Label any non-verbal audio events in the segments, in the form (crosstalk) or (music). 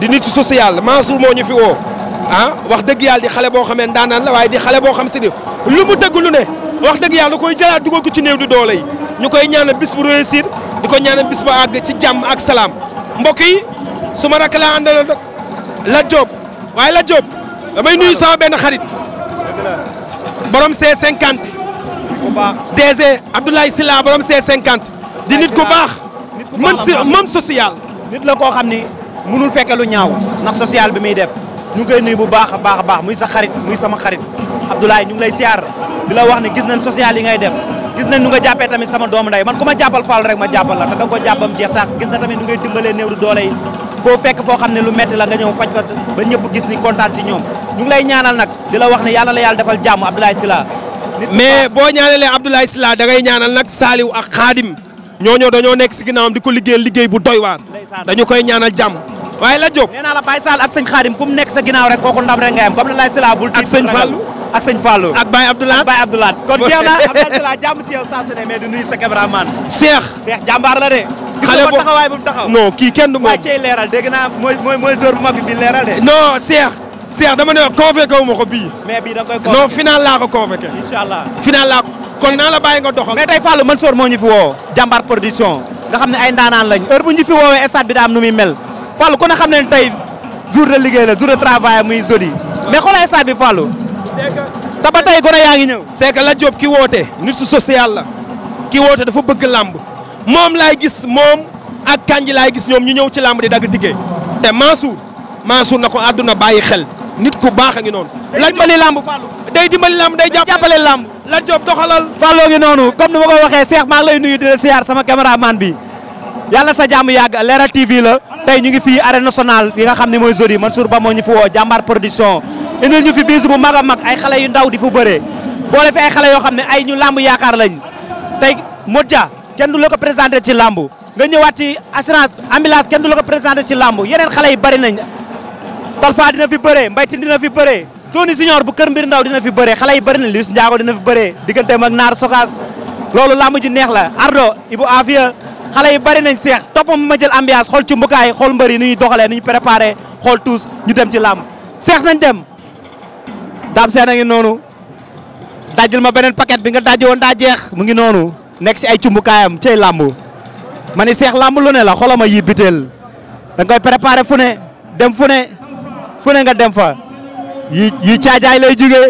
di nit social Mansour moo ñu fi woo ah wax dëgg yàlla di xale boo xamee ndaanaan la waaye di xale boo xam si ni lu mu dëgg lu ne wax dëgg yàlla da koy jëlaat dugal ko ci néew di doole yi ñu koy ñaana bis bu réussir di ko ñaanal bis bu àgg ci jàmm ak salaam mbokk yi su ma rakk laa àndaloon nag la Diop waaye la Diop damay nuyu sama benn xarit borom c cinquante bu baax DG Abdoulaye borom C50. di nit ku baax. man ku social. la koo xam mënul fekke lu ñaaw ndax social bi muy def ñu ngi koy bu baax a baax a baax muy sa xarit muy sama xarit Abdoulaye ñu ngi lay siyaar di la wax ne gis nañ social yi ngay def gis nañ nu nga jàppee tamit sama doom nday man ku ma jàppal Fall rek ma jàppal la te danga ko jàppam jeex taax na tamit nu ngay dimbalee néew du doole yi foo xam ne lu metti la nga ñëw faj faj ba ñëpp gis ni kontaan ci ñoom ñu ngi lay ñaanal nag di la wax ne yàlla la yàlla defal jàmm Abdoulaye Sylla mais boo ñaanalee Abdoulaye Sylla da ngay ñaanal nag Saliou ak Khadim ñooñoo dañoo nekk si ginnaawam di ko liggéeyal liggéey bu doy waar dañu koy ñaanal jàmm waaye la Diop nee naa la Baye Sall ak sëñ Khadim ku mu nekk sa ginnaaw rek kooku ndam rek nga yam comme ni lay sila bul ak ak sëñ Fallou ak Baye Abdoulaye ak Baye kon jeex na (laughs) Abdoulaye Sila jàmm ci yow saa su ne mais du nuyu sa cameraman Cheikh Cheikh la de kii kenn du mooy mooy mooy bi ne convoqué wu ma ko bii mais bii da koy convoqué non final laa ko convoqué inshallah final laa ko kon naa la bàyyi nga doxal mais tey Fallou Mansour moo ñu fi woo jàmbaar production nga xam ne ay ndaanaan lañ heure bu ñu fi woowee stade bi da am nu muy mel Fallou kon ne xam ne tey jour de liggéey la jour de travail muy jeudi mais xoolal stade bi Fallou. c'est que te yaa ngi ñëw. c'est que la Diop ki woote nit su social la ki woote dafa bëgg làmb moom laay gis moom ak kanji laay gis ñoom ñu ñëw ci làmb di dagg tiggéey te Mansour Mansour na ko àdduna bàyyi xel nit ku baax a ngi noonu. la dimbali làmb Fallou. day dimbali làmb day jàppale làmb. la Diop doxalal. Fallou ngi noonu comme ni ma ko waxee Cheikh maa ngi lay nuyu di la siyaar sama caméraman bi. yàlla sa jàmm yàgg Leral TV la tey ñu ngi fii arène nationale yi nga xam ne mooy Zodi Mansour Ba moo ñu fi woo jàmbaar production indil ñu fi biis bu mag a mag ay xale yu ndaw di fa bëree boole fi ay xale yoo xam ne ay ñu làmb yaakaar lañ tey Modja kenn du la ko présenté ci làmb nga ñëwaat ci assurance ambulance kenn du la ko présenté ci làmb yeneen xale yi bari nañ Talfa dina fi bëree Mbaytin dina fi bëree Tony Junior bu kër mbir ndaw dina fi bar xale yi bari nañ Liss Ndiago dina fi bëree digganteem ak Naar Sokaas loolu neex la xale yi bëri nañ seex toppam ma jël ambiance xool ci mbukaay xool mbër yi nu ñuy doxalee nu ñu préparé xool tous ñu dem ci làmb seex nañ dem daam seen a ngi noonu dajjul ma beneen paket bi nga dajji woon daa jeex mu ngi noonu nekk si ay cumbukaayam cay làmb ma ni seex làmb lu ne la xoolal ma yi biteel da nga koy préparé fu ne dem fu ne nga dem fa yi yi caajaay lay jugee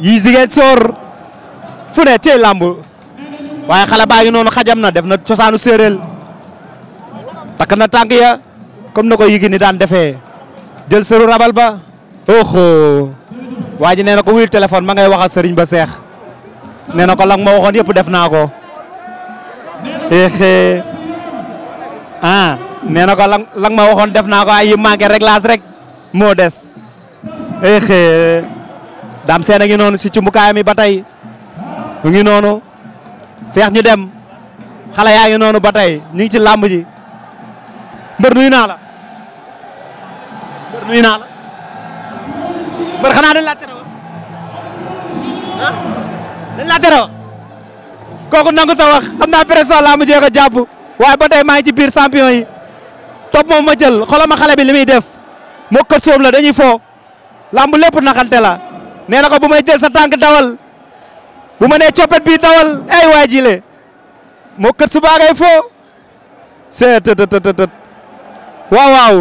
yi jigéen soor fu ne cay làmb waaye xale baa ngi noonu xajam na def na cosaanu séeréel takk na tànk ya comme na ko yigi ni daan defee jël sëru rabal ba oho waa ji nee na ko wuyul téléphone ma ngay wax ak sëriñ ba seex nee na ko lang ma waxoon yëpp def naa ko exe ah nee na ko ma waxoon def naa ko ay yi manqué réglage rek moo des exe daam seen a ngi noonu si cumbukaayam yi ba tey mu ngi noonu seex ñu dem xale yaa ngi noonu ba tey ñu ngi ci làmb ji mbër nuyu naa la mbër nuyu naa la mbër xanaa dañ la tere woon ah dañ laa tere nangu ta wax xam naa pression làmb jee ko jàpp waaye ba tey maa ngi ci biir champion yi topp moom ma jël xoolal ma bi li muy def moo kër soom la dañuy fo làmb lépp naxante la nee na ko bu may jël sa tànk dawal bu ma nee coppet bi dawal ay waay jile moo kët su baagay foo seet tëtëtëtët waaw waaw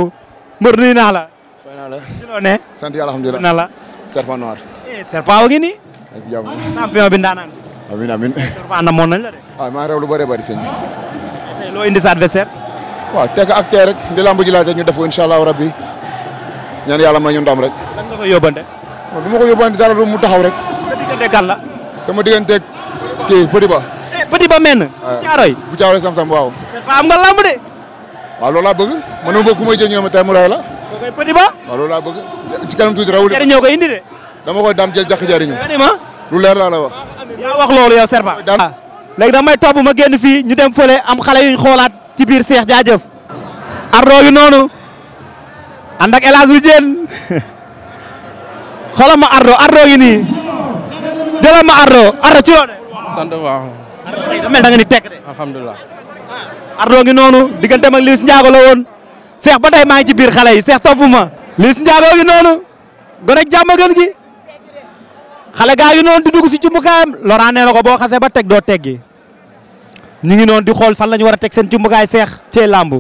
mbër nuyu naa la. fay naa la ci loo ne. sant yàlla alhamdulilah na la. serpent noir. eh serpent wu ngi nii. merci jàmm champion bi ndaanaan. amiin amiin. serpent namoon nañ la de. waaw maa ngi rew lu bëree bëri sëñ bi. tey loo indi sa adversaire. waaw teg ak tey rek di lamb ji laaj rek ñu def ko incha allahu rabbi ñaan yàlla may ñu ndam rek. lan nga koy yóbbante. du ma ko yóbbante dara du mu taxaw rek. sa diggante kan la. sama digganteeg kii Petit Ba. Eh, Petit Ba mel na. Ah. caaroy bu caaroy sam-sam waaw. am nga lamb de. waaw loolu bëgg man ma bëgg ku may jël ñu ne ma tey mu ray la. kooku Ba. waaw loolu ko indi de. dama koy daan jël jàq lu leer laa la wax. yaa wax loolu yow Serba. waaw ah. léegi damay topp ma génn fii ñu dem fële am xale yuñ xoolaat ci biir Seex jaajëf. Ardo yu noonu. ànd ak El Hadj Diène (laughs) xoolal ma Ardo Ardo yi nii. Fala ma Ardo Ardo ci loone sant nga ni tekk Ardo ngi noonu digganteem ak Liss Ndiago la woon Cheikh ba tey maa ngi ci biir xale yi Cheikh topp ma Liss Ndiago ngi noonu gone ak jàmm gën gi xale gaa ngi noonu di dugg si cumbukaayam Laurent nee na ko boo xasee ba teg doo teggi ñu ngi noonu di xool fan la ñu war a teg seen cumbukaay Cheikh cee làmb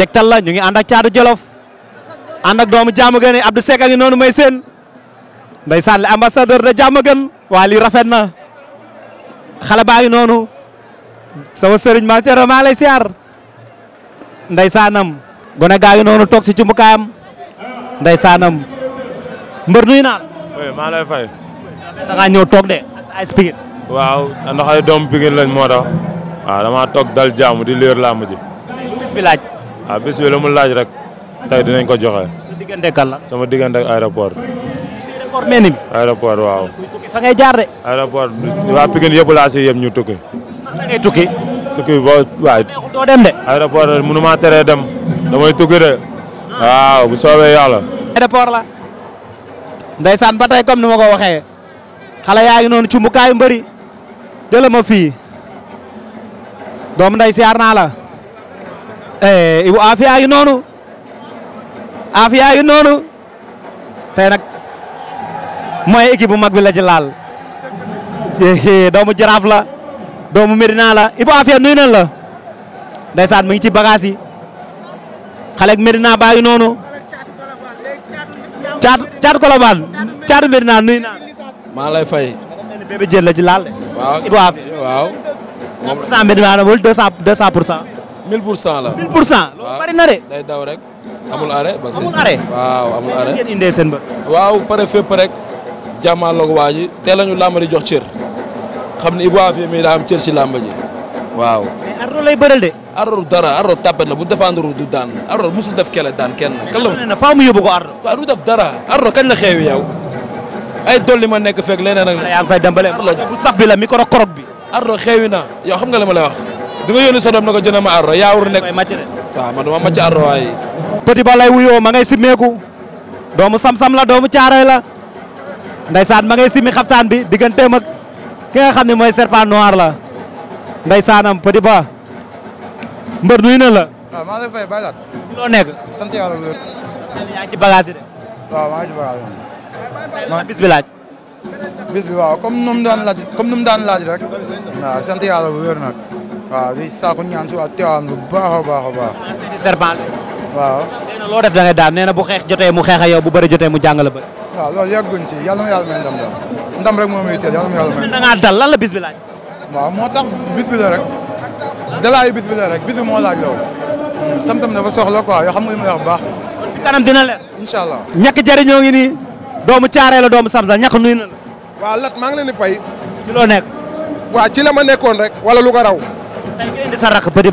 tegtal la ñu ngi ànd caadu Jolof ànd doomu jàmm gën Abdou Seck ngi noonu may seen ndeysaan le ambassadeur de jàmm gën waa lii rafet na xale baa noonu sama sëriñ ma cero maa lay siyaar ndeysaanam gone gaa ngi noonu toog si cumbukaayam ndeysaanam mbër nuyu naa la maa lay fay da ngaa ñëw toog de waaw ndax doom Pikine lañ moo tax waaw dama toog dal jaamu di leer làmb ji bis bi laaj waaw rek tey dinañ ko joxe sa diggante kan la sama diggante ak aéroport mel ni. aéroport waaw. fa ngay de. aéroport waa Pikine yëpp laa si yem ñu tukki. ndax da ngay tukki. dem de. aéroport mënuma de. waaw bu soobee yàlla. la. ndeysaan ba tey comme ni ma ko waxee. xale yaa ngi mbëri. jëlee ma fii. doomu nday siyaar mooy équipe bu mag bi la ci laal. doomu jaraaf la doomu Medina la Ibou Afia nuyu na la ndeysaan mu ngi ci bagage yi xale ak Medina baa ngi noonu caatu caatu Colobane caatu Medina nuyu maa lay fay. bébé jël la ci laal de. waaw Ibou Afia waaw. 100 pour cent la wala 200 200 pour cent. 1000 cent la 1000 pour cent. loolu bari na de. day daw rek amul arrêt. jàmmaarloog waa ji teel a ñu làmb di jox cër xam ne Ibou Afia mii daa am cër si làmb ji waaw. mais Ardo lay bëral de. Ardo dara Ardo tapet la bu défendre du daan Ardo musul def kele daan kenn. kan la musul ne faa mu yóbbu ko Ardo. waaw du def dara Ardo kañ la xeewi yow ay dolli ma nekk fekk leneen ak. yaa ngi fay dembale bu sax bi la micro korog bi. Ardo xeewi na yow xam nga li ma lay wax. di nga sa doom na ko jënd ma Ardo yaa war nekk. waaw man dama màcc Ardo waaye. Petit Ba lay ma ngay simmeeku ndeysaan ma ngay simi xaftaan bi digganteem ak ki nga xam ne mooy serpent noir la ndeysaanam Petit Ba mbër nuyu na la. waaw maa ngi lay fay bàyyi laat. fi loo nekk. sant yàlla bu laaj. bis bi waaw comme nu mu daan laaj comme nu mu daan laaj rek. waaw sant yàlla bu wér nag. waaw saako ñaan si waa Tivaouane bu baax a baax a baax. serpent waaw loo def da ngay daan nee na bu xeex jotee mu xeex ak yow bu bëri jotee mu jàngala bëri waaw loolu yàgguñ ci yàlla ma yàlla may ndam daal ndam rek moom may teel yàlla ma yàlla may da ngaa dal lan la bis bi laaj waaw moo tax bis bi la rek dalaayu bis bi la rek bis bi moo laaj loolu hmm, sam-sam dafa soxla ko yoo xam nga li ma baax kon ci kanam dina leer incha allah ñàkk jëriñoo ngi nii doomu caaree la doomu sam-sam ñàkk nuyu na la waaw lat maa ngi leen di fay ci loo nekk waaw ci la ma nekkoon rek wala lu ko raw tey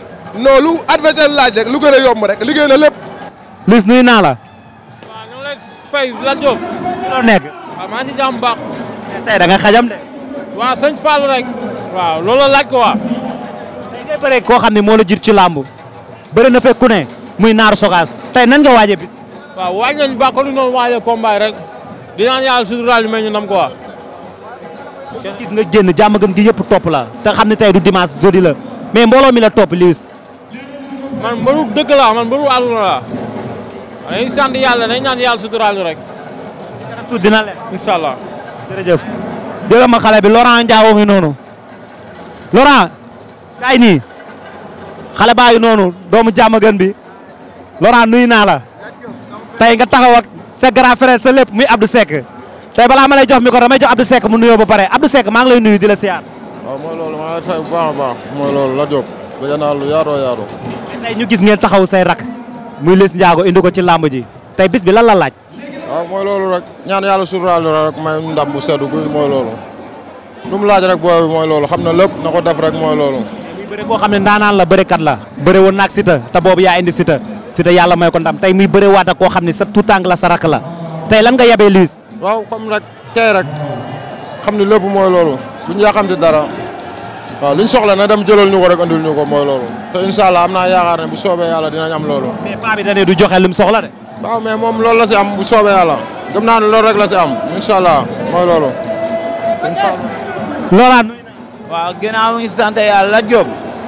non lu adversaire laaj rek lu gën a yomb rek liggéey na lépp. Liss nuyu naa la. waaw ñu ngi lay fay la Diop. ci loo nekk. waaw maa ngi si tey da xajam de. waaw sëñ Fallou rek. waaw loolu laaj ko waa. tey ngay bëree koo xam ne moo la jir ci làmb. bëri na fekk ne muy Naar Sogas tey nan nga waajee bis. waaw waaj nañu baax ko lu noonu waajee combat rek di naan yàlla suturaal yu mel ñu nam ko waa. gis nga génn jàmm gën gi yëpp topp la te xam ne tey du dimaas jeudi la mais mbooloo mi la topp Liss. man mbëru dëkk laa man mbëru àdduna laa dañuy sant yàlla dañ naan yàlla suturaal ñu rek. si kanam tuuti dina leen. incha allah. jërëjëf. jëla ma xale bi Laurent Ndiago ngi noonu. Laurent. kaay xale baa ngi noonu doomu jàmm gën bi. Laurent nuyu naa la. tey nga taxaw ak sa grand frère sa lépp muy Abdou Seck. tey balaa ma lay jox micro damay jox Abdou Seck mu nuyoo ba pare Abdou Seck maa ngi lay nuyu di la siyaar. waaw mooy loolu maa ngi lay fay bu baax a la jóg. tey ñu gis ngeen taxaw say rak muy Liss Ndiago indi ko ci làmb ji tey bis bi lan la laaj. waaw mooy loolu rek ñaan yàlla suturaal rek may ndam bu seddu guy mooy loolu. lu mu laaj rek booy mooy loolu xam na lépp na ko def mooy loolu. muy bëre xam ne la bërekat la. bëre woon naag Siteu te boobu yaa indi Siteu Siteu yàlla ko ndam tey muy bëre waat ak koo xam ne sa tuutànk la sa rak la tey lan nga yabee Liss. waaw comme dara. waaw li ñu soxla na dem jëlal ñu ko rek andil ñu ko mooy loolu te incha allah am naa yaakaar ne bu soobee yàlla dinañ am loolu. mais paa bi da ne du joxe lim soxla de. waaw mais moom loolu la si am bu soobee yàlla gëm naa ne loolu rek la si am incha allah mooy loolu. Lora nuyu naa. waaw ginnaaw ñu sant yàlla Diop.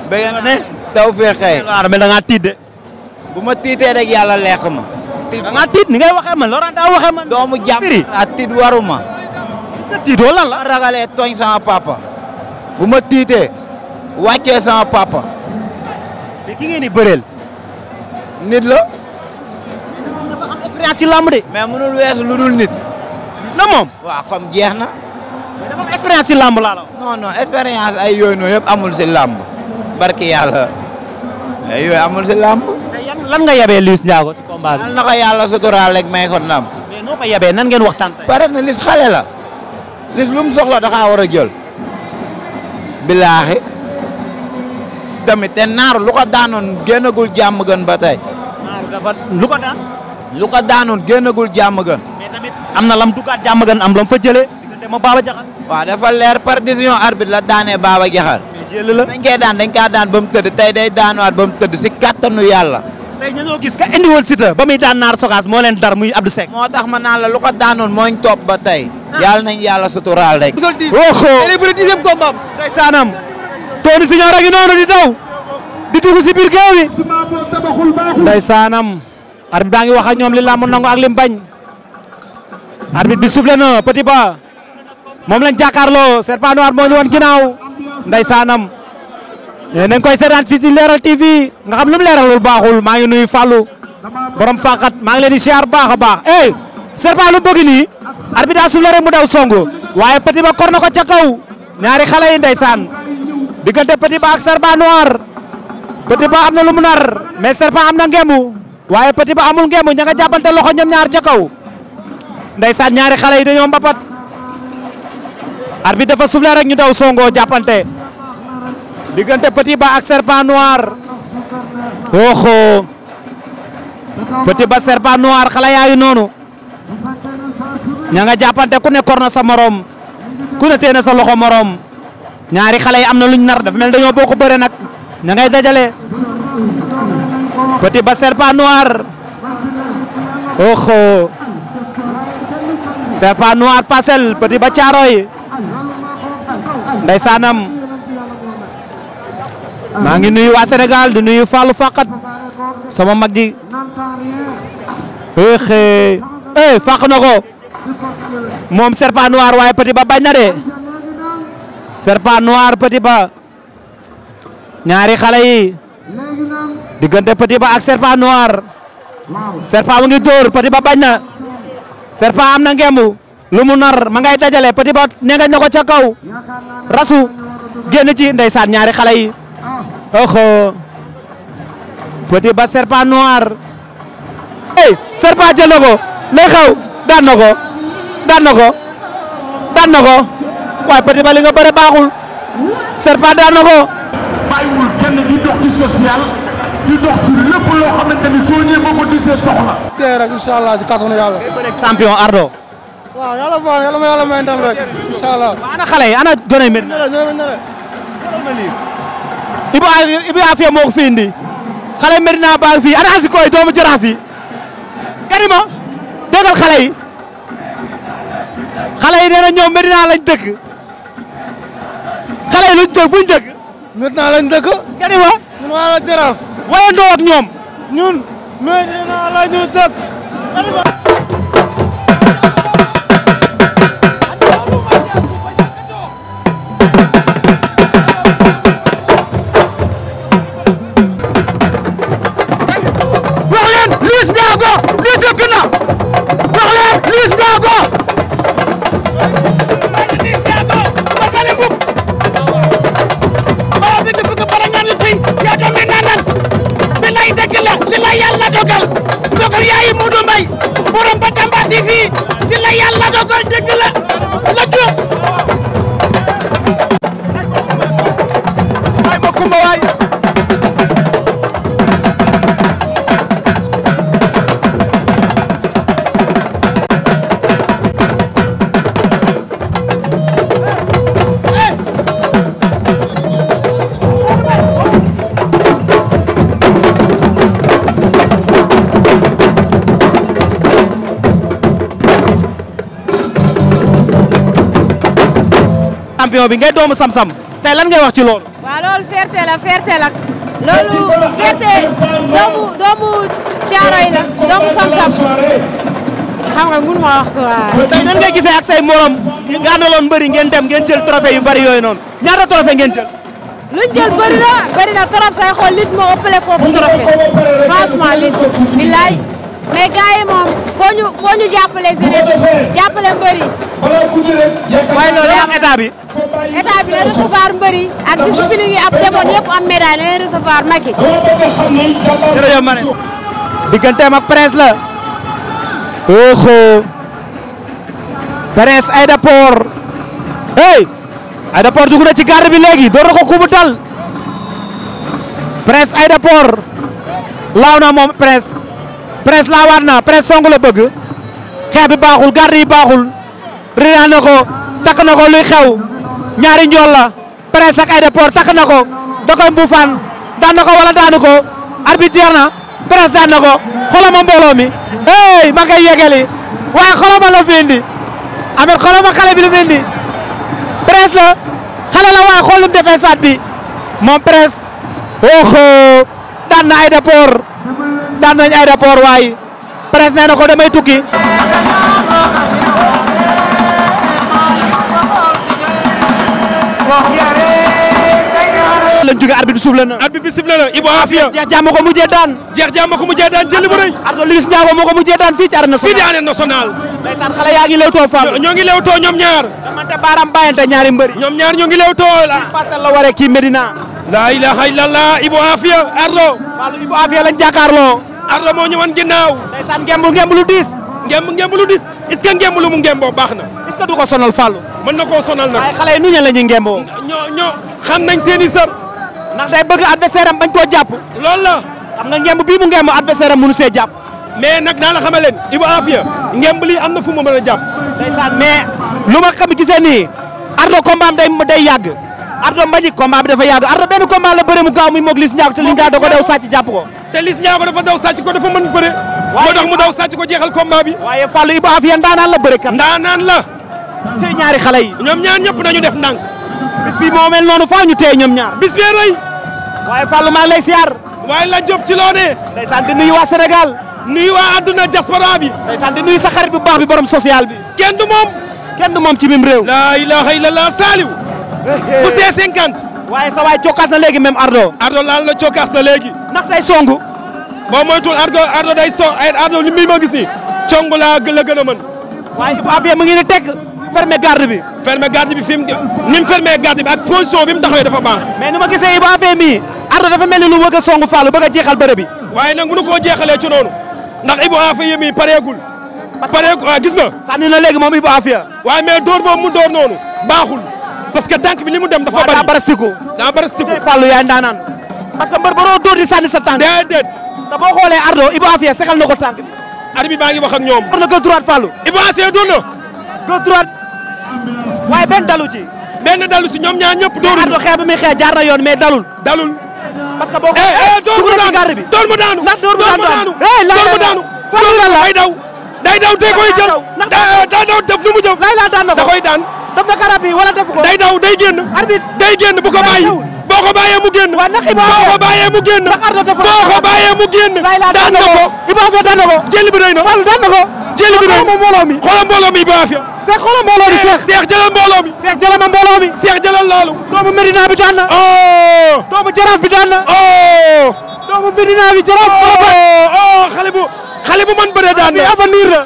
bëgg na ne taw feexee. Lora mais da ngaa tiit de. bu ma tiitee rek yàlla leex ma. tiit da ngaa tiit ni ngay waxee man Lora daa waxee man. doomu jàmm a tiit waruma. sa tiitoo lan la. ragalee tooñ sama papa. bu ma tiitee wàccee sama papa. mais ki ngeen di bëreel. nit la. dafa am expérience ci làmb de. mais mënul weesu lu dul nit. na moom. waaw comme jeex na. mais dafa am expérience ci làmb laa la non non expérience ay yooyu amul si làmb. barki yàlla ay yooyu amul si làmb. lan nga yabee Liss Ndiago si combat bi. lan na ko yàlla suturaal rek may ko ndam. mais noo ko yabee nan ngeen waxtaan. pare na Liss xale la. lu mu soxla da kaa war a jël. bilaahi tamit te naar lu ko daanoon génnagul jàmm gën ba tey. naar lu ko daan. lu ko daanoon génnagul jàmm gën. mais am na lam duggaat jàmm gën am lam fa jëlee. diggante ma Baba Jaxal. waaw dafa leer par décision arbitre la daanee Baba Jaxal. mais dañ koy daan dañ kaa daan ba mu tëdd tey day daanuwaat ba mu tëdd si kattanu yàlla. tey ñoo gis ka indiwoon Siteu ba muy daan naar sogaas moo leen dar muy Abdou Seck. moo tax ma naan la lu ko daanoon mooñ topp ba tey. Ah. yàlla nañ yàlla suturaal rek. bisol diis léegi bu dee dixième combat am. tey saanam. Tony a ngi noonu di daw. di dugg si biir géew saanam. arbitre baa ngi wax ak ñoom li làmb nangu ak lim bañ. arbitre bi soufflé Ba. moom lañ jàkkaarloo Serpent Noir moo ñu woon ginnaaw. saanam. nee eh, nañ koy seetaan fii ci Leral TV nga xam lu mu leeralul baaxul maa ngi nuyu Fallou borom faaxat maa ngi leen di siyaar baax a baax eh Serpa lu bëgg nii arbitre daa sufle rek mu daw songu waaye Petit Ba kor na ko ca kaw ñaari xale yi ndeysaan diggante Petit Ba ak Serpa Noir Petit Ba am na lu mu nar mais Serpa am na ngembu waaye Petit Ba amul ngembu ña nga jàppante loxo ñoom ñaar ca kaw ndeysaan ñaari xale yi dañoo mbapat arbitre dafa sufle rek ñu daw songoo jàppante diggante Petit Ba ak Serpent Noir oho Petit Ba Serpent Noir xale yaayu noonu ña nga jàppante ku ne kor na sa morom ku ne tee sa loxo morom ñaari xale yi am na lu luñ nar dafa mel dañoo bokk bëre nag ña ngay dajale Petit Ba Serpent Noir oho Serpent Noir Parcelles Petit Ba Thiaroye ndeysaanam maa ngi nuyu waa Sénégal di nuyu Fallou Fakkat sama mag ji. xëy eh fàq na moom serpent noir waaye petit ba bañ na de serpent noir petit ba ñaari xale yi diggante petit ba ak serpent noir serpent mu ngi dóor petit ba bañ na am na ngembu lu mu nar ma ngay dajale petit ba nengañ na ko ca kaw rasu génn ci ndeysaan ñaari xale yi. oxo Petit Ba serpent noir ey serpent jël na ko daan na daan na ko daan Ba li nga bëre baaxul serpent daan na ko bàyyiwul kenn di dox ci social di dox lépp loo xamante ni soo ñëwee boo ko disee soxla tey rek incha allah ci kattanu yàlla Ardo xale yi Ibu Afia moo ko fi indi xale Medina Baye fii ana Asikoy doomu Jaraaf yi Karima déggal xale yi xale yi nee na ñoom Medina lañ dëkk xale yi luñ dëkk fuñ dëkk. Medina lañ dëkk. Karima. ñun waa Jaraaf. ñoom. ñun. Medina la ñu dëkk. Fils de champion bi ngay doomu sam-sam tey lan ngay wax ci loolu. waaw loolu fierté la fierté la loolu fierté doomu doomu Caaroy la doomu sam-sam xam nga mun ma wax quoi. tey nan ngay gisee ak say morom nga àndaloon mbëri ngeen dem ngeen jël trophée yu bari yooyu noonu ñaata trophée ngeen jël. luñ jël bëri na bëri say xool lit moo ëppale foofu trophée franchement lit billaay. mais gars yi moom foo ñu foo ñu jàppale jeunesse jàppale mbër yi. waaye loolu ak état bi. état bi ak discipline yi ab demoon yëpp am médaille na leen recevoir Macky. jërëjëf Prince la. oho. Prince Aïda Port. hey. Aïda Port dugg na ci garde bi léegi door na ko tal. Prince Aïda Port. laaw na moom Prince. presse laa waat naa presse song la bëgg bi baaxul garde yi baaxul rinaa na takk na ko luy xew ñaari la presse ak ay takk na ko da koy mbuufaan daan na ko daanu ko arbitre jeex na presse daan na ko xolama mbooloo mi hey ma ngay yegali waaye xolama xale bi indi presse la xale la waaye defee saat bi moom presse oho daan daan nañ ay rapport waaye presse nee na ko damay tukki. lañ jóge arbitre bi suuf la na. arbitre bi suuf la na Ibou Afia. jeex jàmm ko daan. jeex jàmm ko mujjee daan jël bu ñoo ñaar. damante baaraam bàyyante la. Parcelles la waree kii Medina. la ilaha illallah Ibou Afia Ardo. Fallou Ibou Ardo moo ñëwoon ginnaaw. ngemb ngemb lu diis. ngemb ngemb lu diis est ngemb lu mu ngemboo baax na. est-ce que du ko sonal Fallou. mën na koo sonal nag waaye xale yi nu ñu la ñuy ngemboo. ñoo ñoo xam nañ seen i sër. ndax day bëgg adversaire am bañ koo jàpp. loolu la. xam nga ngemb bii mu ngemb adversaire am mënu see jàpp. mais nag naa la xamal leen Ibou Afia ngemb lii am na fu mu mën a jàpp. ndeysaan mais lu ma xam gisee nii Ardo combat am day day yàgg Ardo Mbagnick combat bi dafa yàgg Ardo benn combat la bëre mu gaaw muy moog Liss Ndiago te Liss Ndiago da ko daw sàcc jàpp ko te Liss Ndiago dafa daw sàcc ko dafa mën bëre moo tax mu daw sàcc ko jeexal combat bi waaye Fallou Ibou Afia ndaanaan la bëre kat ndaanaan la tey ñaari xale yi ñoom ñaar ñëpp nañu def ndànk bis bi moo mel noonu faaw ñu tey ñoom ñaar bis bee rëy waaye Fallou maa ngi lay siyaar waaye la job ci loo ne la ilaha illallah saaliw bu see cinquante. waaye sa waay cokkaas na léegi même Ardo. Ardo laal na cokkaas na léegi. ndax day song. boo moytuwul Ardo Ardo day song ay Ardo li muy ma gis nii cong laa la gën a mën. waaye bu affaire mu ngi ni teg fermer garde bi. fermer garde bi fi mu ni mu fermer garde bi bi mu taxawee dafa baax. mais ni ma gisee Ibu affaire mii Ardo dafa mel ni lu bëgg a song Fallou jeexal bërëb bi. waaye nag mënu koo jeexalee ci noonu ndax Ibu affaire mii pareegul. pareegul ah gis na sànni na léegi moom Ibu affaire. waaye mais door boobu mu door noonu baaxul. parce que dànk bi li mu dem dafa bari daa bara siku daa bara siku Fallou parce que mbër baroo sa tànk déedéet te boo xoolee Ardo Ibou Afia segal na ko tànk bi ar bi baa ngi wax ak ñoom war na gauche droite Fallou na benn dalu si ñoom ñaar ñëpp dóorul Ardo xeex bi muy xeex jaar na mais dalul dalul parce que boo eh, eh, xoolee dóor mu daanu dóor mu daanu ndax mu daanu dóor mu daanu eh, Fallou mu jëf daf na karab yi wala def ko. day daw day génn. arbitre day génn bu ko bàyyi. boo ko bàyyee mu génn. waaw ndax Iba mu génn. ndax daan na ko Iba Afia daan na ko. jëli bi na wala daan na ko. jëli bi doy na mbooloo mi. xoolal mbooloo mi Seex xoolal mbooloo Seex. Seex jëlal Seex jëlal ma Seex jëlal loolu. doomu Medina bi man bëre daan na oh!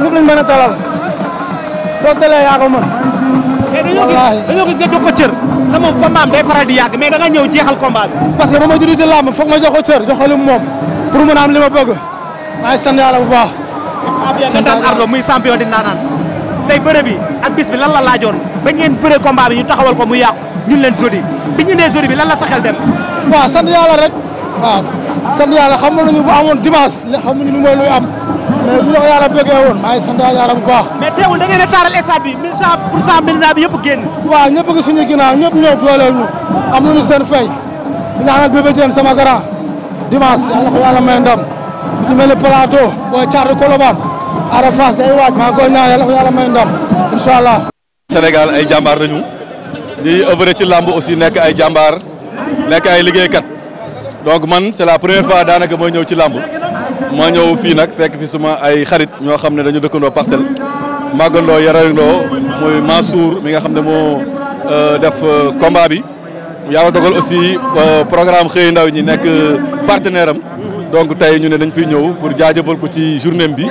lu lañ mën a dalal soo dalee yaa ko mën. wallaahi mais dañoo gis nga jox ko cër. te moom combat am day faral di yàgg mais ñëw jeexal combat bi. parce que ba ma judd ci làmb ma jox ko cër jox ko lu moom pour mën a am li ma bëgg. maa ngi sant yàlla bu baax. sant yàlla daan Ardo muy champion di bi ak bis bi lan la laajoon ba ngeen bëre combat bi ñu taxawal ko mu yàqu ñun leen jodi bi ñu nee jodi bi la saxel dem. waaw sant yàlla rek waaw sant yàlla xam nañu bu lu mooy luy am mais bu la ko yàlla bëggee woon maa ngi yàlla bu baax mais teewul da ngeen a taaral stade bi mille cent pour cent bi yëpp génn waaw ñëpp ngi suñu ginnaaw ñëpp ñëw dooleel ñu am nañu seen fay di ñaanal bébé sama grand dimanche ko yàlla may ndam bu mel ni plateau booy caar Colobane day waaj maa ngi koy yàlla ko yàlla allah Sénégal ay jàmbaar lañu ñuy œuvre ci làmb aussi nekk ay jàmbaar nekk ay liggéeykat donc man c'est la première fois daanaka mooy ñëw ci làmb ma ñëw fii nag fekk fi suma ay xarit ñoo xam ne dañu dëkkandoo parcelle màggandoo yarandoo muy Mansour mi nga xam ne moo euh, def euh, combat bi yàlla dogal aussi euh, programme xëy ndaw ñi nekk partenaire am donc tey ñu ne dañ fiy ñëw pour jaajëfal ko ci journée bi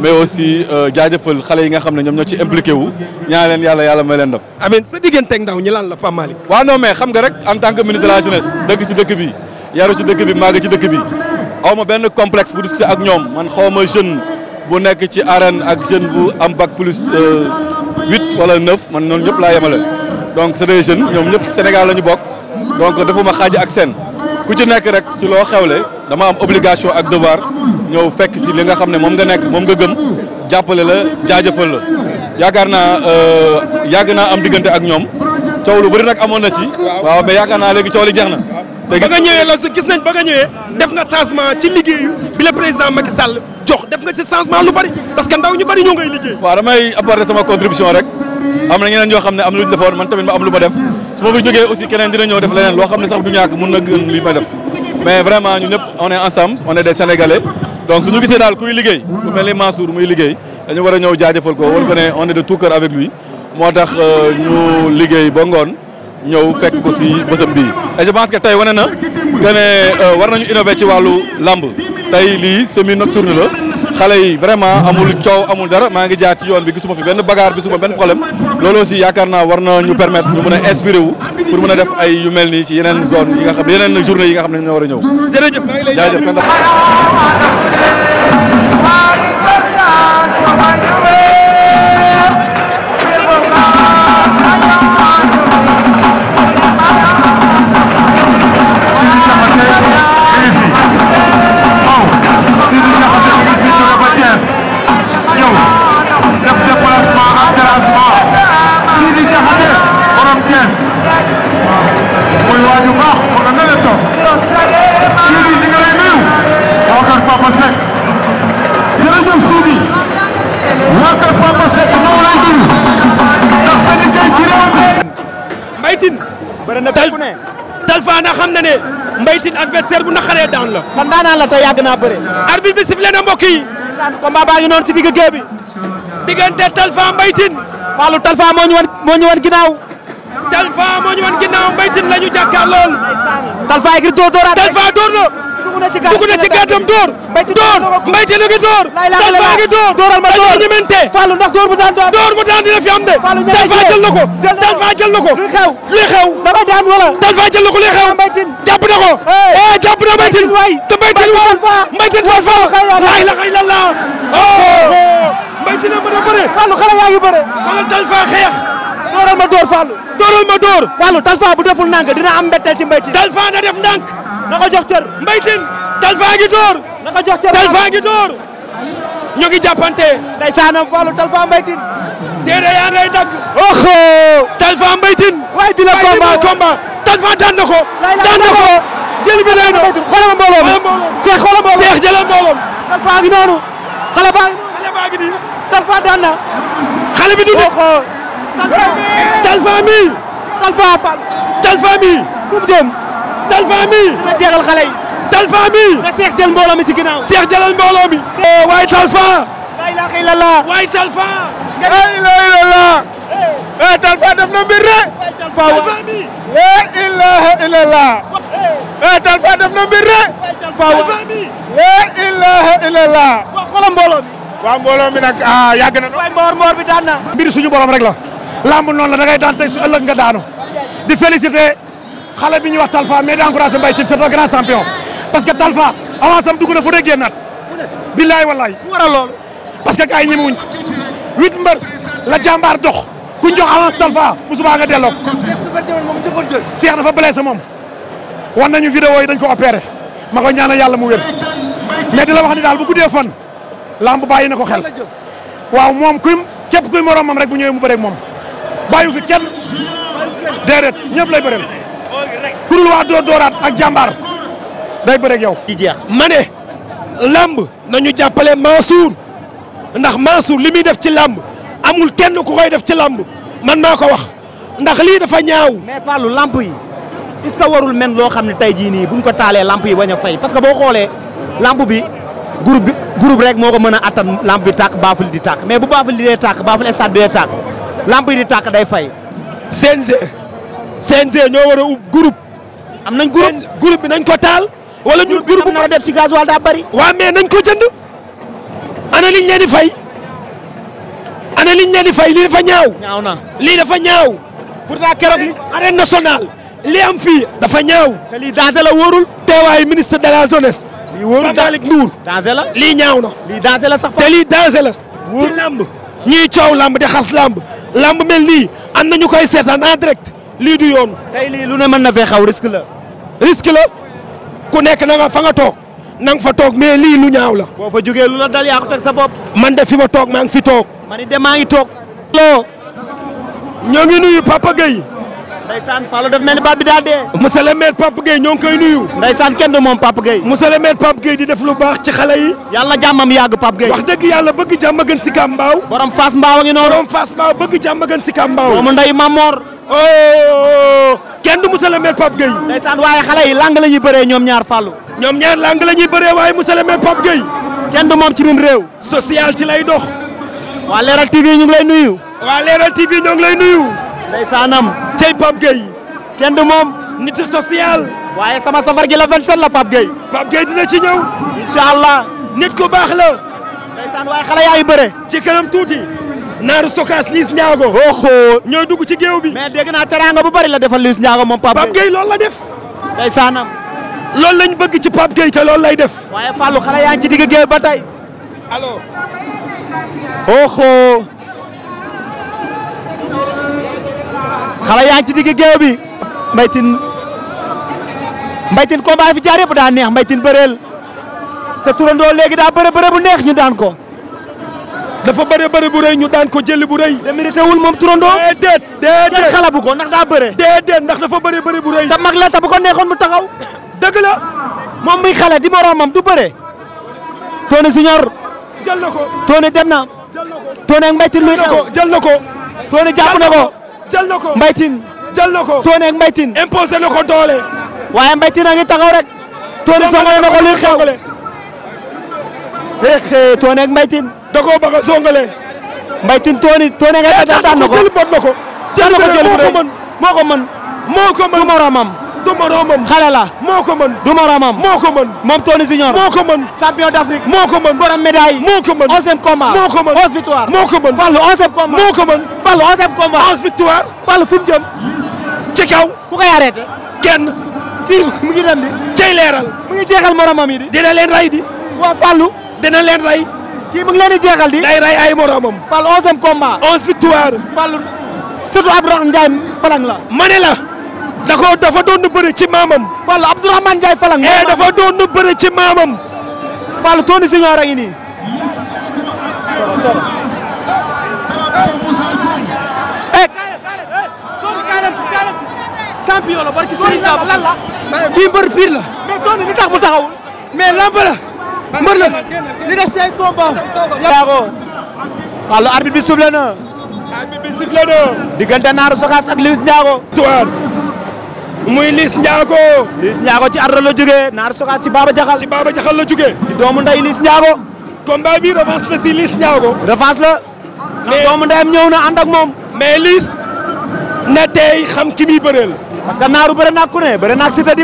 mais aussi jaajëfal xale yi nga xam ne ñoom ñoo ci impliqué wu ñaan leen yàlla yàlla may leen ndam. amiin sa digganteeg ndaw ñi lan la Pape Malick. waaw non xam nga rek en tant que ministre de la jeunesse dëkk ci dëkk bi yaru ci dëkk bi màgg ci dëkk bi. aw ma benn complexe bu discuter ak ñoom man xaw ma jeune bu nekk ci arène ak jeune bu am bac plus euh, huit wala neuf man noonu ñëpp laa yemale. donc c'est des jeunes ñoom ñëpp ci Sénégal la ñu bokk donc defuma xaaji ak seen ku ci nekk rek ci loo xewle dama am obligation ak devoir ñëw fekk si li nga xam ne moom nga nekk moom nga gëm jàppale la jaajëfal la yaakaar naa euh, yàgg naa am diggante ak ñoom coow lu bëri amoon na si. waaw mais yaakaar naa léegi coow li jeex na. ba nga ñëwee la gis nañ ba nga ñëwee def nga changement ci liggéeyu bi le président Macky Sall jox def nga ci changement lu bari parce que ndaw ñu bari ñoo ngay liggéey. waaw damay apporter sama contribution rek am na ñeneen ñoo xam ne am lu ñu defoon man ma lu ma def su ma fi jógee aussi keneen dina ñëw def leneen loo xam ne sax du ñàkk mun na gën li ma def mais vraiment ñu ñëpp on est ensemble on est des donc suñu gisee daal kuy liggéey ku mel ni muy liggéey dañu war a ñëw jaajëfal ko wala ko ne on est moo tax euh, ñu liggéey ba ngoon ñëw fekk ko si bésam bii et je pense que tey wane na que ne euh, war nañu innover ci wàllu làmb tey lii semi nocturne la xale yi vraiment amul coow amul dara maa ngi jaar ci yoon bi gisuma fi benn bagarre gisuma benn problème loolu aussi yaakaar naa war na ñu permettre ñu mën a inspiré pour mën a def ay yu mel nii ci yeneen zone yi nga xam yeneen journée yi nga xam ne ñoo war a ñëw. jërëjëf jaajëf Papa Seck jërëjëf Sidi waa kër Papa Seck ñoo leen di ndax sa liggéey ci réew mi. Mbaye Tine. bëri na fépp ne xam na ne Mbaye Tine adversaire bu naqaree daan la. man la te yàgg naa bëre. arbitre bi sifflé na mbokk yi. baa ngi noonu ci digg géew bi. diggante Talfa Mbaye Tine. Fallou Talfa moo ñu wan moo wan ginnaaw. Talfa moo ñu wan ginnaaw Mbaye Tine la ñu jàkkaar lool. Talfa écrit doo dooraat Talfa door la. dugg na ci gàttam door door mbayte lu ngi door dafa ngi door dooral ma door ñemente fallu ndax door bu daan door mu daan dina fi am de dafa jël na ko dafa jël na ko luy xew luy xew dafa daan wala dafa jël na ko luy xew jàpp na ko eh jàpp na mbayte te mbayte war mbayte dafa la ilaha illallah oh mbayte la mën a bëre fallu xale yaa ngi bëre fallu dafa xeex dooral ma door fallu dooral ma door fallu talfa bu deful ndànk dina am mbetteel ci mbayte talfa na def ndànk na ko jox cër Mbaye Tine Talfa ngi door na ko jox cër Talfa ngi door ñu ngi jàppante ndeysaanam Fallou Talfa Mbaye Tine téere yaa ngay dagg oxo Talfa Mbaye Tine waay bi la combat combat Talfa daan na ko daan na ko jël bi lay doon xoolal ma mbooloo mi Cheikh xoolal mbooloo Cheikh jëlal mbooloo Talfa ngi noonu xale baa ngi xale baa ngi nii Talfa daan na xale bi du nit Talfa mi Talfa mi Talfa mi ku mu jëm Talfa mi. dina jeexal xale yi. Talfa mi. na Cheikh jël mbooloo mi ci ginnaaw. Cheikh jëlal mbooloo mi. Eh, waaye Talfa. la ilaha illallah. waaye Talfa. la ilaha illallah. waaye eh, Talfa def na mbir rek. Talfa mi. la ilaha illallah. waaye eh, Talfa def na mbir rek. Talfa mi. la ilaha illallah. na. waaye mboor mboor bi daan mbir suñu borom rek la. lamb noonu la da daan tey su ëllëg nga daanu. di féliciter. xale bi ñuy wax Talfa mais di encouragé Mbaye Tine c'est un grand champion parce que tal avance am dugg na fu dee génnaat. billaay wallaay. waral parce que ay yi ñemewuñ huit mbër la jàmbaar dox kuñ jox avance Talfa bu subaa nga delloo ko. moom jël. Cheikh dafa blessé moom. wan nañu vidéo yi dañ ko opéré ma ko yàlla mu wér mais di la wax ni daal bu guddee fan lamb bàyyi na ko xel waaw moom kuy képp kuy moromam rek bu ñëwee mu bëreeg moom bàyyiwu fi kenn déedéet ñëpp lay bëreel. dul waa doo dooraat ak jàmbaar day bëreeg yow. di jeex ma ne làmb nañu jàppale Mansour ndax Mansour li muy def ci làmb amul kenn ku koy def ci lamb man maa ko wax ndax lii dafa ñaaw. mais Fallou làmp yi est-ce warul men loo xam ne tey jii nii buñ ko taalee làmp yi bañ a fay parce que boo xoolee làmp bi groupe bi groupe rek moo ko mën a attan làmp bi tàkk baaful di tàkk mais bu baaful di dee tàkk baaful stade bi dee tàkk làmp yi di tàkk day fay. CNG CNG ñoo war a am nañ groupe groupe bi nañ ko taal. wala ñu groupe bu mu def ci gasoil daa bari. waaw mais nañ ko jënd ana liñ leen fay ana liñ leen di fay lii dafa ñaaw. ñaaw na lii dafa ñaaw. pourtant keroog arène nationale li am fii dafa ñaaw. lii danger la wóorul. teewaayu ministre de la jeunesse. lii wóorul la lii ñaaw na. lii la sax fa te lii danger la. wóor ci làmb coow làmb di xas làmb làmb mel lii am na ñu koy seetaan en direct lii du yoon. lu ne mën na fee xaw risque la. risque la ku nekk na nga fa nga toog na nga fa toog mais lii lu ñaaw la. boo fa jógee lu la dal yaa ko sa bopp. man de fi ma toog maa ngi fi toog. ma ni de maa ngi toog. loo ñoo ngi nuyu Papa Gueye. Ndeysaan Fallou daf mel ni baat bi daa dee. monsieur le maire Pape Gueye ñoo ngi koy nuyu. Ndeysaan kenn du moom Pape Gueye. monsieur le maire Pape di def lu baax ci xale yi. yàlla jàmmam yàgg Pape Gueye. wax dëgg yàlla bëgg jàmm gën si Kambaaw. borom Fass Mbaaw a ngi noonu. borom Fass Mbaaw bëgg jàmm gën si Kambaaw. moomu nday Mamor. oh. oh, oh, oh. kenn du monsieur le maire Pape Gueye. ndeysaan waaye xale yi ñoom ñaar fàllu. ñoom ñaar lang la ñuy bëree waaye monsieur le kenn du moom ci biir réew. social ci lay dox. waa Leral TV ñu ngi lay nuyu. waa Leral TV ñoo ngi lay nuyu. ndeysaanam. cey Pape Gueye. kenn du moom. nit social. waaye sama safar gi la 27 la Pape Gueye. Pape Gueye dina ci ñëw. incha allah. nit ko baax la. ndeysaan waaye xale yaa ngi ci kanam tuuti. naar sokaas Liss Ndiago. oho ñooy dugg ci géew bi. mais dégg naa teraanga bu bari la defal Liss Ndiago moom Pape Gueye. Pape Gueye loolu la def. ndeysaanam. loolu lañ bëgg ci Pape Gueye te loolu lay def. waaye Fallou xale yaa ci digg géew ba tey. alors. oho. xale ci digg géew bi. mbaytin mbaytin combat fi jaar yëpp daa neex mbaytin bëreel. sa turandoo léegi daa bëre bëre bu neex ñu daan ko. dafa bëre bëre bu rëy ñu daan ko jëli bu rëy. te wul moom turandoo. déedéet déedéet xalabu ko ndax daa ndax dafa bëre bëre bu rëy. te mag la te bu ko neexoon mu taxaw. dëgg la moom muy xale di moroomam du bëre. Tony Junior. jël na ko Tony dem na. jël na ko Tony ak Mbaytin luy xew jël na ko. Tony jàpp na ko. jël na ko Mbaytin. jël na ko Tony ak Mbaytin. imposé na ko doole. waaye Mbaytin na ngi taxaw rek. Tony songale na ko luy xew eh, eh, Tony Mbaytin da koo bëgg a songale. Mbaye Tine tooni tooni ngay atal daan na ko jël bot na ko. jël na ko moo ko mën moo ko mën moo ko mën moom Tony Junior moo ko mën champion d'Afrique moo ko mën borom médaille moo moo ko mën onze victoire moo ko mën Fallou onzième combat moo ko mën Fallou onzième ku koy kenn fii mu jeexal moromam yi di dina leen ray di waa Fallou dina leen ray kii mu ngi leen di jeexal di. day rey ay moromam. Fall onzième combat. onze victoire. Fall surtout Abdourahmane Ndiaye falang la. ma la. da dafa doon nu bëri ci maamam. Fall Abdourahmane Ndiaye falang. eh dafa doon nu bëri maamam. Fall Tony Junior a ngi nii. Eh, champion la barki Serigne Ba kii mbër pire la. mais Tony li tax bu taxawul. mais lamb la. mbër la li des ci ay combat. Yaago Fallou arbitre bi sifflé na. arbitre diggante Naaru Sogas ak Liss Ndiago. tuwaar muy Liss Ndiago. Liss Ndiago ci Ardo la jógee Naaru Sogas ci Baba Jaxal. ci Baba Jaxal la jógee. di doomu nday Liss Ndiago. combat bi revanche la si Liss Ndiago. revanche la. mais doomu na ànd moom. mais Liss na tey xam ki muy bëreel. parce que Naaru bëre naa ku ne naa Siteu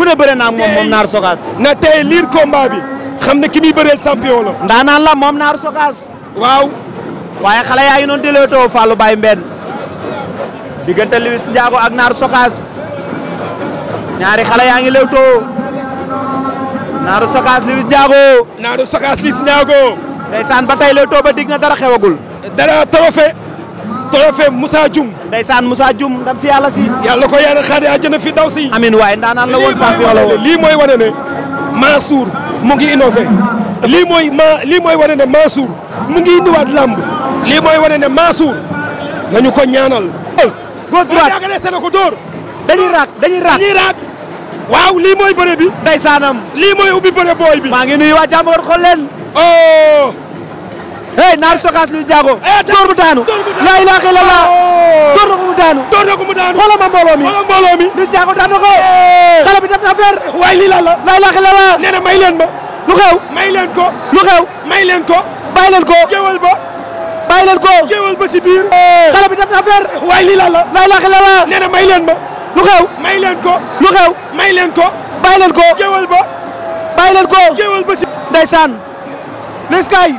ku ne bëre naa moom moom Naar Sogas. na tey liir combat bi xam na ki muy bëreel champion ndaa ndaanaan la moom Naar Sogas. waaw. waaye xale yaa ngi doon di leetoo Fallou Baye Mbène diggante Liss Ndiago ak Naar Sogas ñaari xale yaa ngi leetoo Naar Sogas Liss Ndiago. Naar Sogas Liss Ndiago. ndeysaan ba tey leetoo ba dig na dara xewagul. dara trophée. trophée Moussa Dioum ndeysaan Moussa Dioum ndam si yàlla si yàlla ko yàlla xaar àjjana fi daw si amiin waaye ndaanaan la woon champion la woon lii mooy wane ne Mansour mu ngi lii mooy ma lii mooy wane ne Mansour mu ngi indiwaat làmb lii mooy wane ne Mansour nañu ko ñaanal góor droite yaakaar ne seen ko dóor dañuy raak dañuy raak dañuy raak waaw lii mooy bëre bi ndeysaanam lii mooy ubbi bëre booy bi maa ngi nuyu waa jàmbur xool leen oh! hey naar sokaas luy eh, jaago. door bu daanu. la ilaha illallah oh. door na ko mu daanu. door na ko mu daanu xoolal ma mbooloo na ko. Eh. xale bi def na affaire. waaye la. la ilaha may leen ma. lu xew. may leen ko. lu xew. may leen ko. bàyyi leen ko. géwal leen ko. géwal ba ci biir. Eh. ma. lu xew. may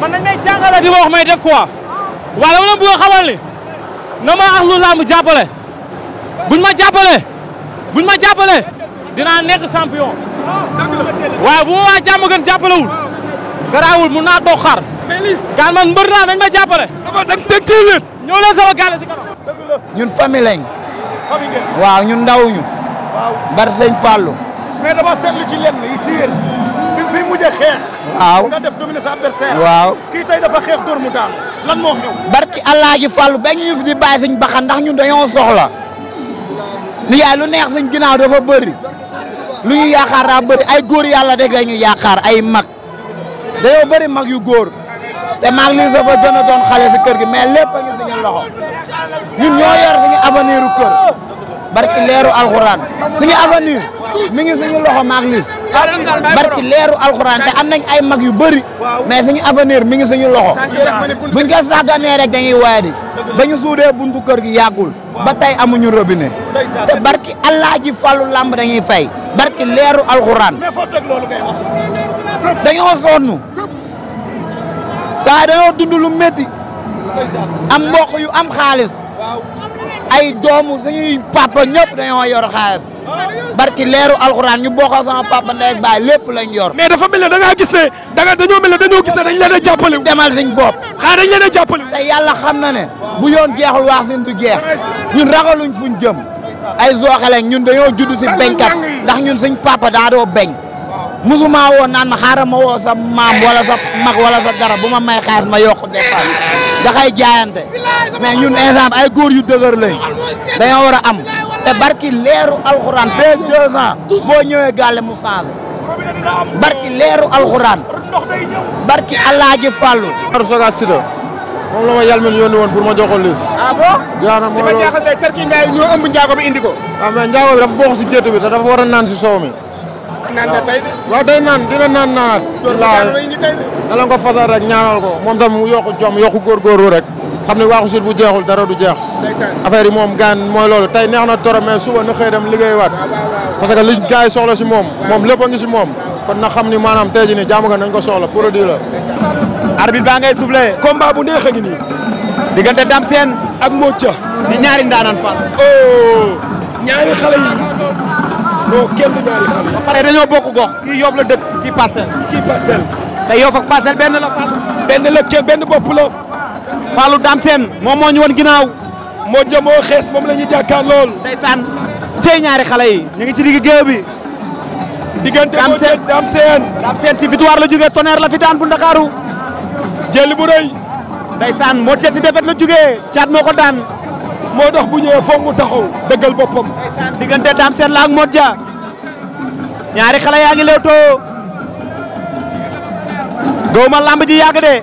man dañ may jàngale di ma wax may def quoi waaw dama la bëgg a xamal na ma ak lu làmb jàppale buñ ma jàppale buñ ma jàppale dinaa nekk champion waaye bu ma waa jàmm gën jàppalewul garaawul mun naa toog gaan man mbër naa dañ ma jàppale dëg ci leen ñëw ñun famille lañ ñun ndawuñu bari lañ fàllu mais dama seetlu ci lenn ci yéen mujjee xeex. waaw nga def dominer sa adversaire. waaw kii tey dafa xeex dóor mu daanu lan moo xew. barki ba ñu di bàyyi suñ ndax ñun dañoo soxla. ni yaay lu neex suñ ginnaaw dafa bëri. lu ñu yaakaar daa bëri ay góor yàlla rek la ñu yaakaar ay mag. dañoo bari mag yu góor. te maag lii sa fa gën a doon xale si kër gi mais lépp a ngi suñu loxo. ñun ñoo yor suñu avenir kër. barki leeru alxuraan suñu avenir mi ngi suñu loxo maag lii barki leeru alxuraan te am nañ ay mag yu bëri mais suñu avenir mi ngi suñu loxo buñ ko sàgganee rek dañuy waay di ba ñu suudee buntu kër gi yàggul ba tey amuñu robinet te barki allah ji fàllu làmb dañuy fay barki leeru alxuraan dañoo sonn saa dañoo dund lu métti am mbokk yu am xaalis ay doomu suñuy papa ñëpp dañoo yor xaalis barki leeru alxuraan ñu bokkoo sama papa ndey baay lépp lañ yor. mais dafa mel ne da ngaa gis ne da nga dañoo mel ne dañoo gis ne dañ leen a demal suñ bopp. xanaa dañ leen a jàppale. te yàlla xam na ne bu yoon jeexul wax suñ du geex ñun ragaluñ fuñ jëm ay zooxale ñun dañoo judd si beñkat ndax ñun suñ papa daa doo beñ. musuma woo naan ma xaaral ma woo sa maam wala sa mag wala sa dara bu ma may xaalis ma yokk dépense daxay jaayante mais ñun exemple ay góor yu dëgër lañ dañoo war a am te barki leeru alxuraan bee deux ans boo ñëwee gàlle mu changé barki leeru alxuraan barki alaaji fàllu soga sida moom la ma yàlla yónni woon pour ma jox ko liis ah bon jaana moo loolu dafa jaaxal tey tarki ndaay ko waaw ah, mais njaago bi dafa bokk si gétt bi te dafa war a naan si soow mi naan nga tey naan dina naan naanaat. na la ko fasal rek ñaanal ko moom tam mu yokku jom yokku góorgóorlu rek. xam ne waaxu sit bu jeexul dara du jeex. affaire yi moom gaan mooy loolu tey neex na trop mais suba na xëy dem liggéeyuwaat. parce que li gars yi soxla si moom. moom lépp a ngi si moom. kon na xam ni maanaam tey jii nii jàmm nañ ko soxla produit la. arbitre baa ngay soufflé. combat bu neex bu ngi nii. diggante Dame Sène ak Modou Dia. di ñaari ndaanan fa. oh ñaari xale non kenn du ñaari xale. ba pare dañoo bokk gox kii Yoff la dëkk kii Parcelles. kii Parcelles. te Yoff ak Parcelles benn la Fallou. benn la kenn benn bopp la. Fallou Dame moom moo ñu woon moo jëmoo xees moom la ñuy jàkkaar lool. ndeysaan cey ñaari xale yi. ñu ngi ci digg géew bi. diggante Dame Sène Dame Sène. Dame Sène si la jógee tonnerre la fi daan bu Ndakaaru. jël bu rëy. ndeysaan moo jël si défaite la jógee caat moo ko daan. moo dox bu ñëwee foog mu taxaw dëggal boppam. diggante Dame Sène la ak Modou Dia ñaari xale yaa ngi lewtoo gaw ma lamb ji yàgg de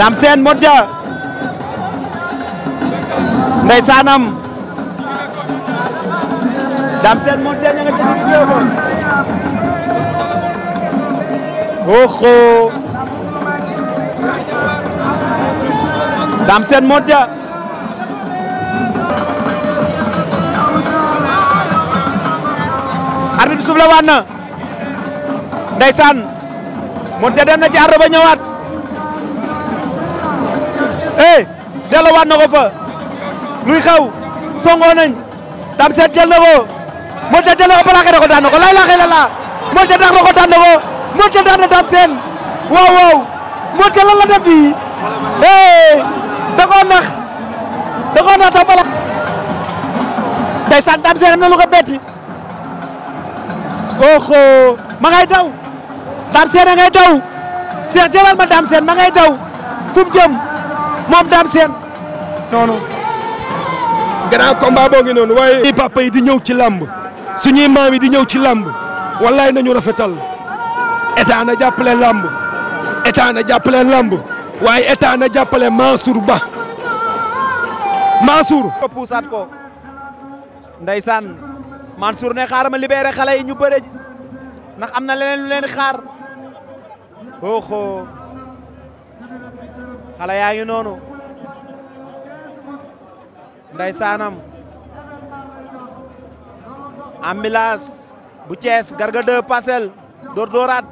Dame Sène Modou Dia bi suuf la waat na ndeysaan Modou dem na ci ardo ba ñëwaat eh delloo waat na luy xew songoo nañ tam seet jël na ko Modou jël na ko plaqué na ko daan na ko lay laaxee la laa Modou daan na ko daan na ko na tam seen waaw waaw Modou lan la def fii eh nax da nax tam bala ndeysaan tam na lu ko oho ma ngay daw Dame Sène a ngay daw Cheikh jëlal ma Dame ma ngay daw fu mu jëm moom Dame noonu grand ngi noonu waaye papa yi di ñëw ci làmb suñuy maam yi di ñëw ci làmb wallaay nañu rafetal état na jàppale làmb état na jàppale làmb waaye état na jàppale Mansour Ba Mansour ko puusaat ko ndeysaan Mansour ne xaar ma libéré xale yi ñu bëre ndax am na leneen lu leen xaar oho xale yaa ngi noonu ndeysaanam ambulance bu Thiès Garga 2 Parcelles dóor dóoraat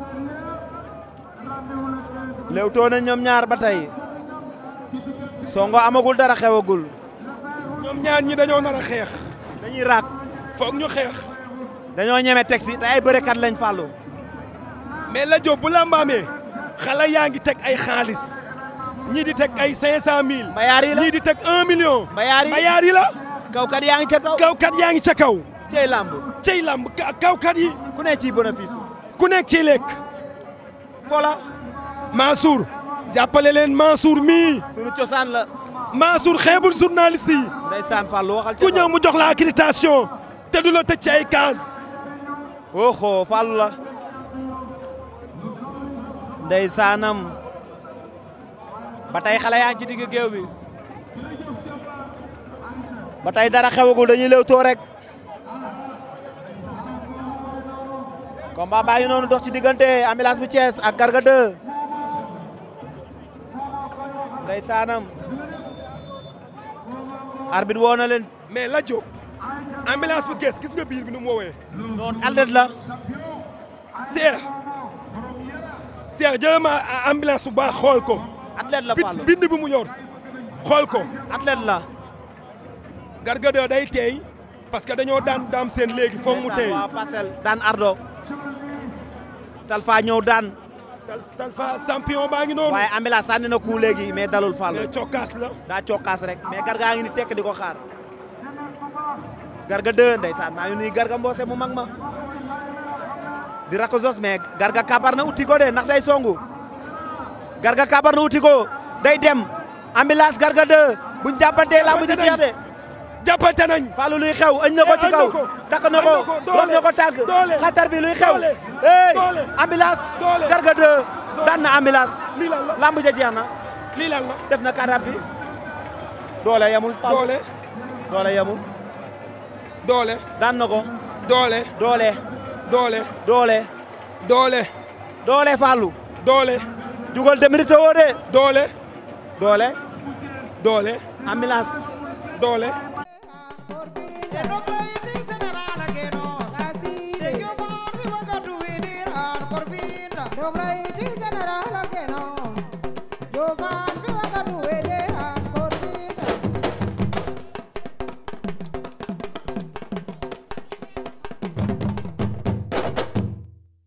lewtoo na ñoom ñaar ba tey songo amagul dara xewagul ñoom ñaar ñi dañoo nar xeex dañuy raak foog ñu xeex. dañoo ñeme teg si te ay bërekat lañ fàllu. mais la Diop bu lambaamee xale yaa ngi teg ay xaalis ñii di teg ay 500000. mayaar yi la ñii di teg 1 million. mayaar yi mayaar yi la. yaa ngi ca kaw kawkat yaa ngi ca kaw. cey lamb cey lamb kawkat yi. ku nekk ciy bénéfice. ku nekk ciy lekk. voilà. Mansour. jàppale leen Mansour mii. sunu cosaan la. Mansour xeebul journaliste yi. ndeysaan Fallou waxal ku ñëw mu jox la accréditation. te du la tëj ci ay case. oho oh, fàllu ba tey xale yaa ngi ci digg géew bi ba tey dara xewagul dañuy lew too rek. combat baa ngi noonu dox ci diggante ambulance bu Thiès ak Garga 2 ndeysaanam arbitre woo na leen mais la jóg ambulance bu gees gis nga biir bi nu mu woowee. non aldet la. Cheikh Cheikh jël ma ambulance bu baax xool ko. atlet la Fallou bind bi mu yor xool ko. atlet la. Garga 2 day teey parce que dañoo daan daam seen léegi foog mu teey. waaw parcelle daan ardo. Talfa ñëw daan. Talfa champion baa ngi noonu. waaye ambulance sànni na ku léegi mais dalul Fallou. mais la. daa cokkaas rek mais Garga ngi ni tekk di ko xaar. garga 2 ndeysaan maa ngi nuyu garga mboose mu mag ma di rako zos mais garga kabar na uti ko de ndax day songu garga kabar na uti ko day dem ambulance garga 2 buñ jàppantee laa bu ñu jeex de jàppante luy xew añ na ko ci kaw takk na ko doog na ko tànk xatar luy xew hey ambulance garga 2 daan na ambulance lamb ja jeex def na karab doole yamul Fallou doole yamul doole daan na ko doole doole doole doole doole doole Fallou doole jugal demirité woo de doole doole doole ambulance doole